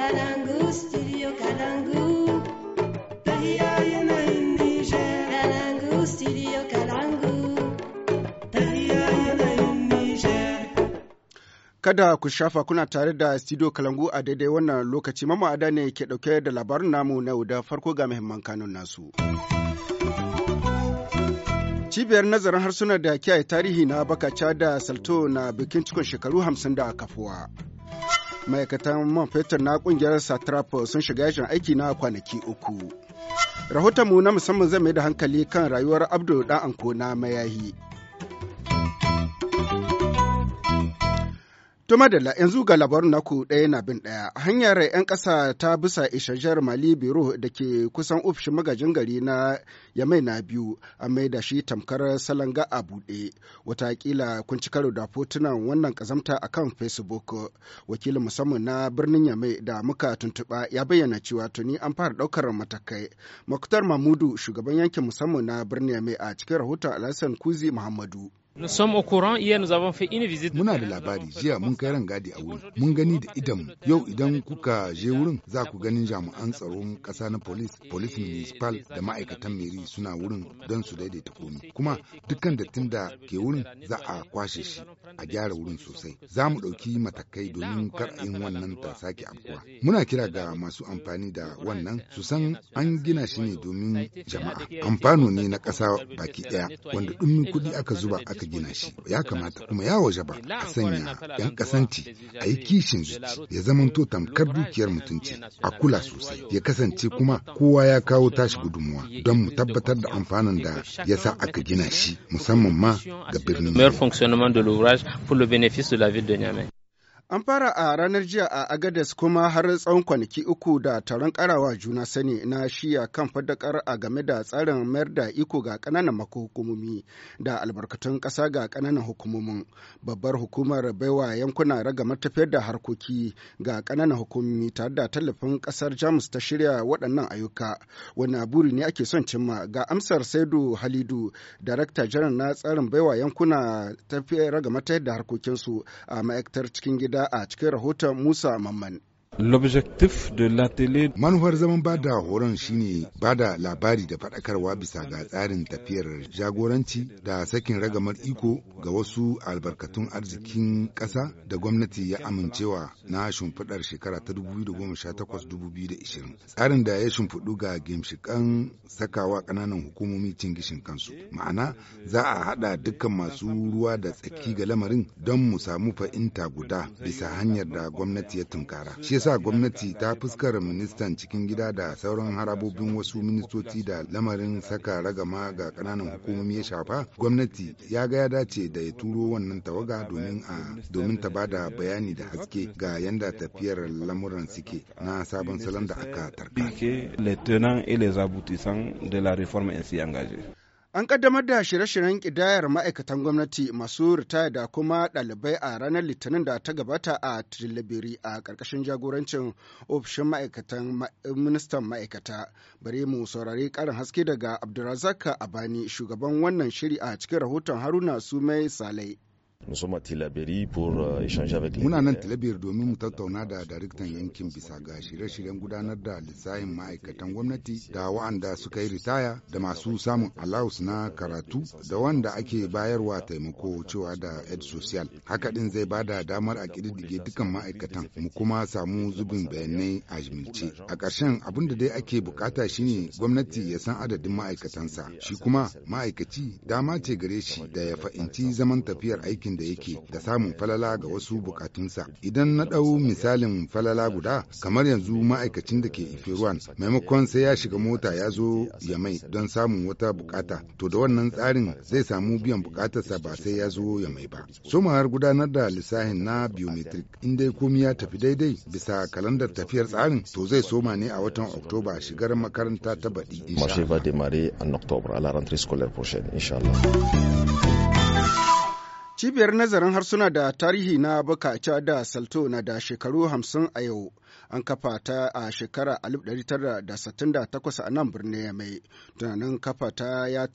Kalangu, Kada ku shafa kuna tare da studio Kalangu a daidai wannan lokaci mama'ada ne ke ɗauke da labarin namu na da farko ga muhimman kanun nasu. Cibiyar nazarin harsunan da kiyaye tarihi na Bakaca da Salto na bikin cikin shekaru hamsin da kafuwa. ma'aikatan man fetur na kungiyar satrap sun shiga yashin aiki na kwanaki uku rahotonmu na musamman zai mai da hankali kan rayuwar abdul dan ankona mayahi To madalla yanzu ga labarin naku ɗaya na bin ɗaya hanyar 'yan ƙasa ta bisa ishajar Mali Biro da ke kusan ofishin magajin gari na Yamai na biyu a mai da shi tamkar salanga a buɗe. Wataƙila kun ci karo da fotunan wannan ƙazamta a kan Facebook. Wakilin musamman na birnin Yamai da muka tuntuɓa ya bayyana cewa tuni an fara ɗaukar matakai. Makutar Mamudu shugaban yankin musamman na birnin Yamai a cikin rahoton Alhassan Kuzi Muhammadu. Muna da labari jiya mun kai rangadi a wuri Mun gani da idanmu. Yau idan kuka je wurin za ku ganin jami'an tsaron ƙasa na polis, polis municipal da ma'aikatan meri suna wurin don su daidaita komi. Kuma dukkan dattin da ke wurin za a kwashe shi. a gyara wurin sosai za mu ɗauki matakai domin kar wannan ta sake afkuwa muna kira ga masu amfani da wannan su san an gina shi ne domin jama'a amfano ne na ƙasa baki ɗaya wanda ɗumin kuɗi aka zuba aka gina shi ya kamata kuma ya waje ba a sanya yan kasanci a yi kishin zuci ya zamanto tamkar dukiyar mutunci a kula sosai ya kasance kuma kowa ya kawo tashi gudunmuwa don mu tabbatar da amfanin da ya sa aka gina shi musamman ma ga birnin pour le bénéfice de la ville de Niamey. An fara a ranar jiya a Agadez kuma har tsawon kwanaki uku da taron karawa juna sani na shiya kan fadakar a game da tsarin mayar da iko ga kananan makuhukumomi da albarkatun ƙasa ga kananan hukumomin. Babbar hukumar baiwa yankuna ragamar tafiyar da harkoki ga kananan hukumomi tare da tallafin ƙasar Jamus ta shirya waɗannan ayyuka. Wani buri ne ake son cimma ga amsar Saidu Halidu, Darakta Janar na tsarin baiwa yankuna tafiyar ragamar tafiyar da harkokinsu a ma'aikatar cikin gida a cikin rahoton Musa Mamman. L'objectif de la télé zaman bada horon shine ba da labari da faɗakarwa bisa ga tsarin tafiyar jagoranci da sakin ragamar iko ga wasu albarkatun arzikin ƙasa da gwamnati ya amincewa na shimfiɗar shekara ta 2018-2020. Tsarin da ya shimfiɗu ga gimshiƙan sakawa ƙananan hukumomi cin gishin kansu. Ma'ana za a haɗa dukkan masu ruwa da tsaki ga lamarin don mu samu fa'inta guda bisa hanyar da gwamnati ya tunkara. Shi sa gwamnati ta fuskar ministan cikin gida da sauran harabobin wasu ministoci da lamarin saka ragama ga ƙananan hukumomi ya shafa gwamnati ya ga ya dace da ya turo wannan tawaga domin a domin ta da bayani da haske ga yanda tafiyar lamuran suke na sabon salon da aka tarka. An kaddamar da shirye-shiryen ƙidayar ma'aikatan gwamnati masu ritaya da kuma ɗalibai a ranar Litinin da ta gabata a Tilibiri a ƙarƙashin jagorancin ofishin ma'aikatan ministan ma'aikata. Bari mu saurari ƙarin haske daga Abdulrazak Abani shugaban wannan shiri a cikin rahoton Haruna Sumai Salai. Euh, Muna nan Tilabir domin mu tattauna da daraktan yankin bisa ga shirye-shiryen gudanar da lissahin ma'aikatan gwamnati da wa'anda suka yi ritaya da masu samun allowance na karatu da wanda ake bayarwa taimako cewa da ed social. Haka din zai bada damar a kididdige dukkan ma'aikatan mu kuma samu zubin bayanai a jimilce. A ƙarshen abin da dai ake bukata shine gwamnati ya san adadin ma'aikatansa shi kuma ma'aikaci dama ce gare shi da ya fahimci zaman tafiyar aikin aikin da yake da samun falala ga wasu bukatunsa idan na ɗau misalin falala guda kamar yanzu ma'aikacin da ke ifiruwan maimakon sai ya shiga mota ya zo ya mai don samun wata bukata to da wannan tsarin zai samu biyan bukatarsa ba sai ya zo ya mai ba har gudanar da lissahin na biometric in dai komi ya tafi daidai bisa kalandar tafiyar tsarin to zai soma ne a watan oktoba shigar makaranta ta baɗi. Mashi va démarrer en octobre à la rentrée scolaire prochaine, Allah. Cibiyar nazarin harsuna da tarihi na Bakacha da Salto na da shekaru hamsin a yau. An kafa ta a shekara 1968 a nan birnin mai, Tunanin kafa ta ya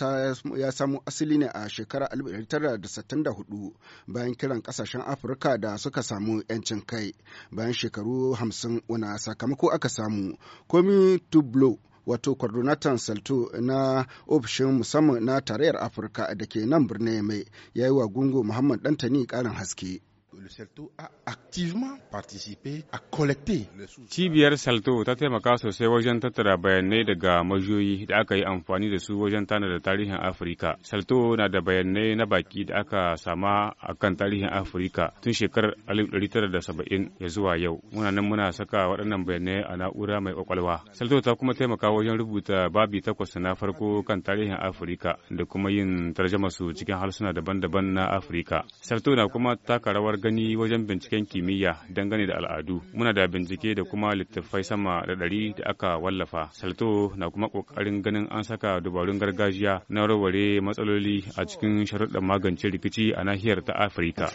samu asali ne a shekara 1964 bayan kiran kasashen Afirka da suka samu 'yancin kai. Bayan shekaru hamsin wana sakamako aka samu. Komi Tublo wato coordinator salto na ofishin musamman na tarayyar afirka da ke nan birnin mai ya yi wa gungu muhammad dantani karin haske le Salto a activement participé à collecter Cibiyar Salto ta taimaka sosai wajen tattara bayanai daga majiyoyi da aka yi amfani da su wajen tanada tarihin Afirka. Salto na da bayanai na baki da aka sama a kan tarihin Afirka tun shekarar 1970 ya zuwa yau. Muna nan muna saka waɗannan bayanai a na'ura mai kwakwalwa. Salto ta kuma taimaka wajen rubuta babi takwas na farko kan tarihin Afirka da kuma yin tarjama su cikin harsuna daban-daban na Afirka. Salto na kuma taka rawar gani wajen binciken kimiyya dangane da al'adu muna da bincike da kuma littattafai sama da ɗari da aka wallafa salto na kuma ƙoƙarin ganin an saka dabarun gargajiya na warware matsaloli a cikin sharuɗɗan magance rikici a nahiyar ta afirka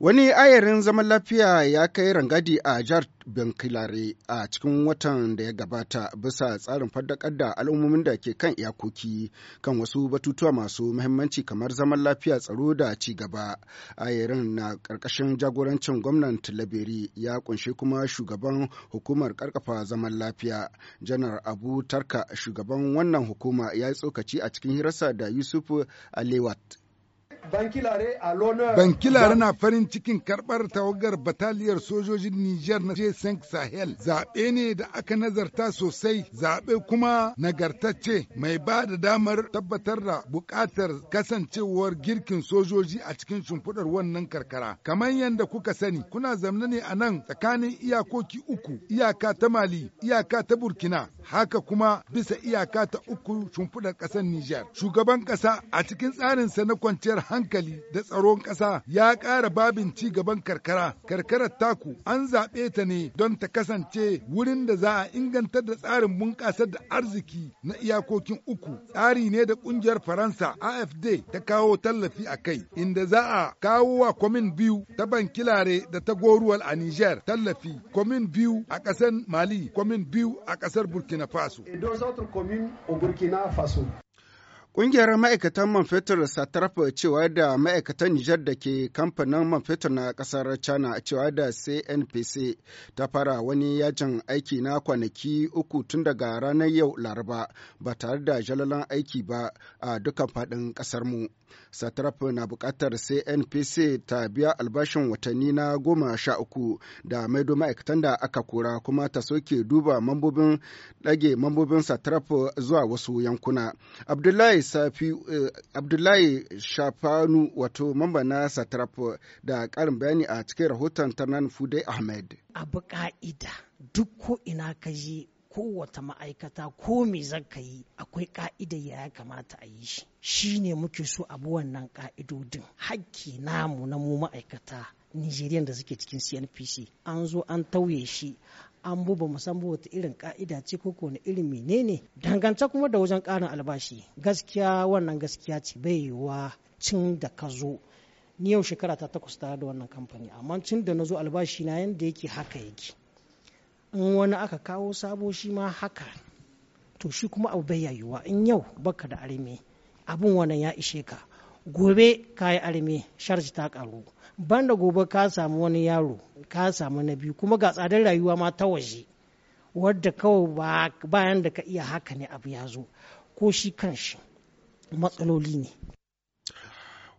Wani ayarin zaman lafiya ya kai rangadi a jihar Benkilare a cikin watan da ya gabata bisa tsarin faddakar da al'ummomin da ke kan iyakoki kan wasu batutuwa masu mahimmanci kamar zaman lafiya tsaro da ci gaba. Ayarin na ƙarƙashin jagorancin gwamnan Tilaberi ya kunshi kuma shugaban hukumar ƙarƙafa zaman lafiya. Janar Abu Tarka shugaban wannan hukuma ya yi tsokaci a cikin hirarsa da Yusuf Alewat. Bankilare na farin cikin karɓar tawagar bataliyar sojojin Nijar na j sank Sahel. Zaɓe ne da aka nazarta sosai, zaɓe kuma nagartacce mai ba da damar tabbatar da buƙatar kasancewar girkin sojoji a cikin shimfiɗar wannan karkara. Kamar yadda kuka sani, kuna zamne ne a nan tsakanin iyakoki uku, iyaka ta Mali, iyaka ta Burkina, haka kuma bisa iyaka ta uku shimfiɗar ƙasar Nijar. Shugaban ƙasa a cikin tsarinsa na kwanciyar hankali hankali da tsaron ƙasa ya ƙara babin ci gaban karkara. Karkarar taku an zaɓe ta ne don ta kasance wurin da za a inganta da tsarin bunƙasar da arziki na iyakokin uku. Tsari ne da ƙungiyar Faransa AFD ta kawo tallafi a kai, inda za a kawo wa kwamin biyu ta Bankilare da ta Goruwal a Niger tallafi, kwamin biyu a ƙasar Mali, kwamin biyu a ƙasar Burkina Faso. Burkina Faso. Ƙungiyar ma'aikatan man fetur Satrafa cewa da ma'aikatan Nijar da ke kamfanin man fetur na ƙasar China cewa da CNPC ta fara wani yajin aiki na kwanaki uku tun daga ranar yau Laraba ba tare da jalalan aiki ba a dukkan faɗin mu. Satrap na buƙatar CNPC ta biya albashin watanni na goma sha uku da maido ma'aikatan da aka kora kuma ta soke duba mambobin ɗage mambobin Satrafa zuwa wasu yankuna. Abdullahi safi eh, abdullahi shafanu wato mamba na satrap da karin bayani a cikin rahoton tanan fudai ahmed abu ka'ida duk ko ina ka je kowata ma'aikata ko me zaka yi akwai ƙa'ida ya kamata a yi shi shi ne muke so abu wannan ka'idodin hakki namu na mu ma'aikata nigerian da suke cikin cnpc an zo an tauye shi an bu ba san bu wata irin ka'ida ce ko ko irin menene dangance kuma da wajen karin albashi gaskiya wannan gaskiya ce bai yiwuwa cin da ka zo ni yau shekara ta takwas tare da wannan kamfani amma cin da na zo albashi na yanda yake haka yake in wani aka kawo sabo shi ma haka to shi kuma abu bai yayuwa in yau baka da arme abin wannan ya ishe ka gobe ka yi arme sharji ta karu banda gobe ka samu wani yaro ka samu na biyu kuma ga tsadar rayuwa ma ta waje wadda kawai bayan da ka iya haka ne abu ya zo ko shi kanshi matsaloli ne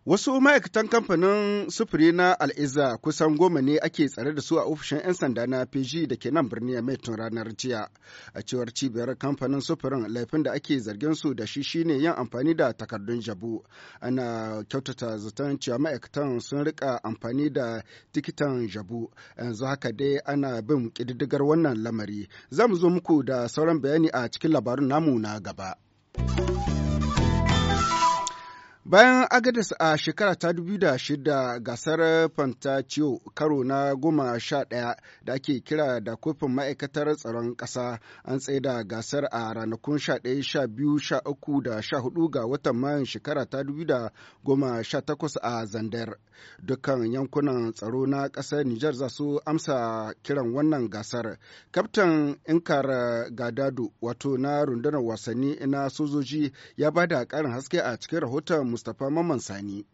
Wasu ma'aikatan kamfanin sufuri na Al'iza kusan goma ne ake tsare da su a ofishin 'yan sanda na PG da ke nan birni mai tun ranar jiya. A cewar cibiyar kamfanin sufurin laifin da ake zargin su da shi shine yin amfani da takardun jabu. Ana kyautata zaton cewa ma'aikatan sun rika amfani da tikitan jabu. Yanzu haka dai ana bin ƙididdigar wannan lamari. zamu zo muku da sauran bayani a cikin labarun namu na gaba. Bayan Agadas a shekara ta shida gasar Fantaciyo karo na goma sha ɗaya da ake kira da kofin ma'aikatar tsaron ƙasa an tsaida gasar a ranakun sha ɗaya sha biyu sha uku da sha hudu ga watan mayan shekara ta goma sha takwas a Zandar. Dukkan yankunan tsaro na ƙasar Nijar za su amsa kiran wannan gasar. Kaftan Inkar Gadado wato na rundunar wasanni na sojoji ya bada ƙarin haske a cikin rahoton Mustapha Mamman Sani.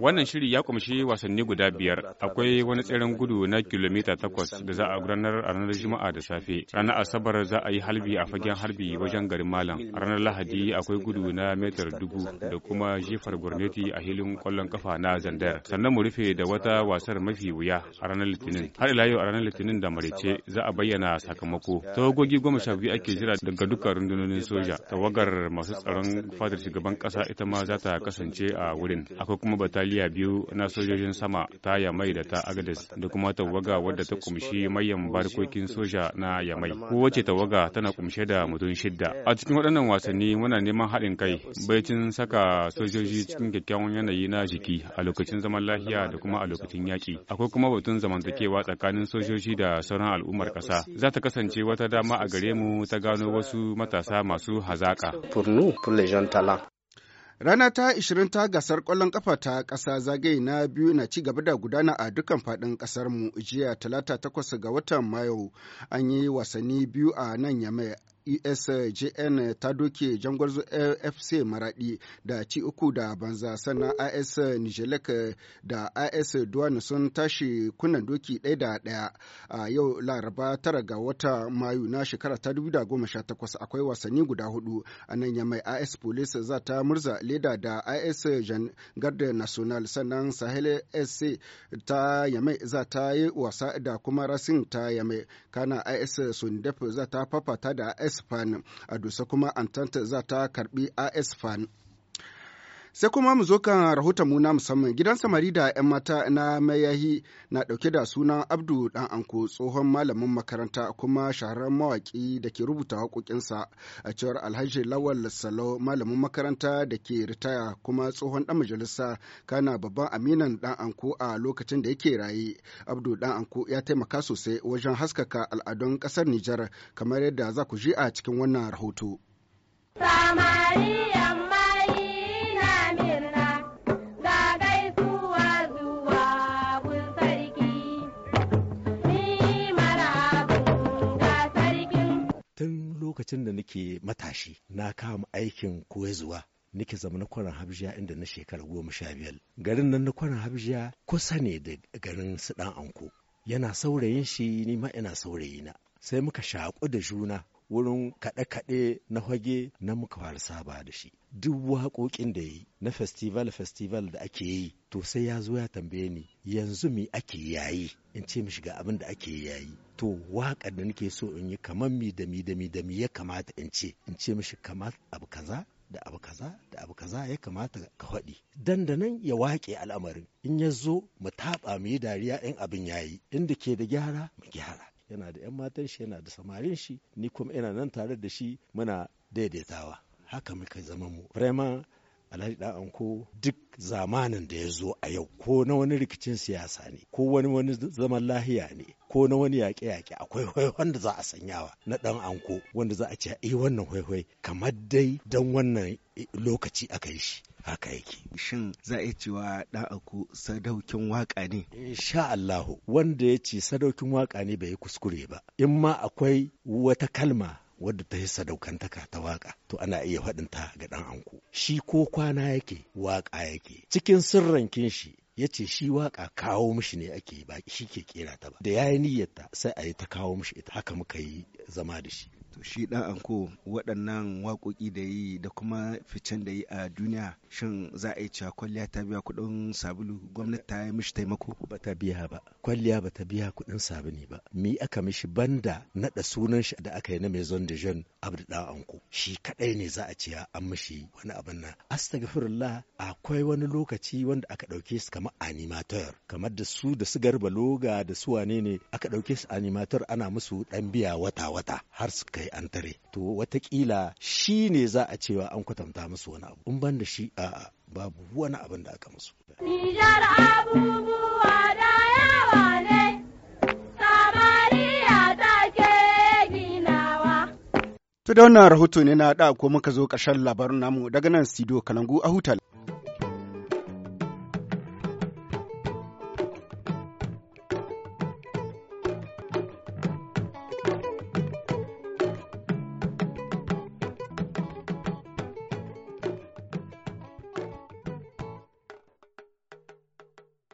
Wannan shiri ya kumshi wasanni guda biyar. Akwai wani tseren gudu na kilomita takwas da za a gudanar a ranar Juma'a da safe. Ranar Asabar za a yi halbi a fagen harbi wajen garin Malam. A ranar Lahadi akwai gudu na metar dubu da kuma jefar gwamnati a hilin kwallon kafa na Zandar. Sannan mu rufe da wata wasar mafi wuya a ranar Litinin. Har ila yau a ranar Litinin da Maraice za a bayyana sakamako. Tawagogi goma sha biyu ake jira daga dukkan rundunonin soja. Tawagar masu tsaron fadar shugaban ƙasa ita ma za ta kasance a wurin. Akwai kuma bataliya biyu na sojojin sama ta Yamai da ta agadis da kuma tawaga wadda ta kumshi mayan barkokin soja na Yamai. Kowace tawaga tana kumshe da mutum shidda. A cikin waɗannan wasanni muna neman haɗin kai baicin saka sojoji cikin kyakkyawan yanayi na jiki a lokacin zaman lafiya da kuma a lokacin yaƙi. Akwai kuma batun zamantakewa tsakanin sojoji da sauran al'ummar ƙasa. Za ta kasance wata dama a gare mu ta gano wasu matasa masu hazaƙa. pour les jeunes talents. Rana ta 20 ta gasar ƙwallon ƙafa ta ƙasa zagaye na biyu na ci gaba da gudana a dukkan faɗin ƙasarmu jiya talata takwas ga watan Mayu an yi wasanni biyu a nan Yamai ISJN e ta doke jangwarzo fc maradi da ci uku da banza sannan is nijelek da is duwana sun tashi kunan doki ɗaya da ɗaya a yau laraba tara ga wata mayu na shekara ta 2018 akwai wasanni guda hudu a nan yamai is police za ta murza leda da is garde national sannan sahel sc ta yamai za ta yi wasa da kuma rasin ta yamai kana is sundef za ta fafata da is isfan a dusa kuma antanta za ta karbi fan. Sai kuma mu zo kan rahoton mu na musamman gidan samari da 'yan mata na mayahi na dauke da sunan Abdu Dan Anko tsohon malamin makaranta kuma shahararren mawaki da ke rubuta waƙoƙinsa a cewar Alhaji Lawal Salo malamin makaranta da ke ritaya kuma tsohon ɗan majalisa kana babban aminan Dan Anko a lokacin da yake raye. Abdu Dan Anko ya taimaka sosai wajen haskaka al'adun ƙasar Nijar kamar yadda za ku ji a cikin wannan rahoto. Samariya lokacin da nake matashi na kama aikin koyazuwa, nake zama na kwanan habjiya inda na shekara goma sha biyar garin nan na kwanan habjiya kusa ne da garin su ɗan anko yana saurayin shi ni ma ina saurayina sai muka shaƙu da juna wurin kaɗe-kaɗe na hage na muka fara saba da shi duk waƙoƙin da ya yi na festival festival da ake yi to sai ya zo ya tambaye ni yanzu me ake yayi in ce mishi ga abin da ake yayi to waƙar da nake so in yi kamar mi da mi da mi da mi ya kamata in ce in ce mishi kamar abu kaza da abu kaza da abu kaza ya kamata ka faɗi dandanan ya waƙe al'amarin in ya zo mu taɓa mu yi dariya in abin yayi inda ke da gyara mu gyara yana da 'yan matan shi yana da samarin shi ni kuma ina nan tare da shi muna daidaitawa haka muka zama mu vraiment alhaji dan anko duk zamanin da ya zo a yau ko na wani rikicin siyasa ne ko wani wani zaman lahiya ne ko na wani yaƙe-yaƙe akwai hwaihwai da za a sanyawa na dan anko wanda za a ce eh wannan hwaihwai kamar dai dan wannan lokaci aka yi shi haka yake. Shin za a cewa anko sadaukin waƙa ne? Insha Allahu wanda ya ce sadaukin waƙa ne bai yi kuskure ba. In ma akwai wata kalma wadda ta yi sadaukantaka ta waka to ana iya faɗinta ga ɗan anko shi ko kwana yake waka yake cikin sirran kinshi ya ce shi waka kawo mishi ne ake ba shi ke kera ta ba da ya yi niyyarta sai a yi ta kawo mishi ita haka muka yi zama da shi to shi ɗan anko waɗannan waƙoƙi da yi da kuma ficen da yi a duniya shin za a yi cewa kwalliya ta biya kuɗin sabulu gwamnati ta yi mishi taimako ba ta biya ba kwalliya ba ta biya kuɗin sabulu ba mi aka mishi banda naɗa sunan shi da aka yi na maison de jeune abdu dan anko shi kaɗai ne za a ce an mishi wani abin nan astaghfirullah akwai wani lokaci wanda aka ɗauke su kamar animator kamar da su da su garba loga da su wane ne aka ɗauke su animator ana musu ɗan biya wata wata har su kai yi an tare to watakila shi ne za a cewa an kwatanta musu wani abu in ban da shi a babu wani abin da aka musu Nijar abubuwa yawa ne To da wannan rahoto ne na da ko muka zo ƙarshen labarin namu daga nan Sido Kalangu a hutal.